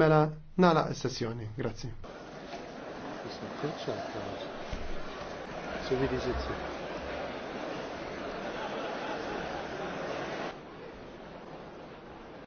Mela, nala sessjoni Grazzi.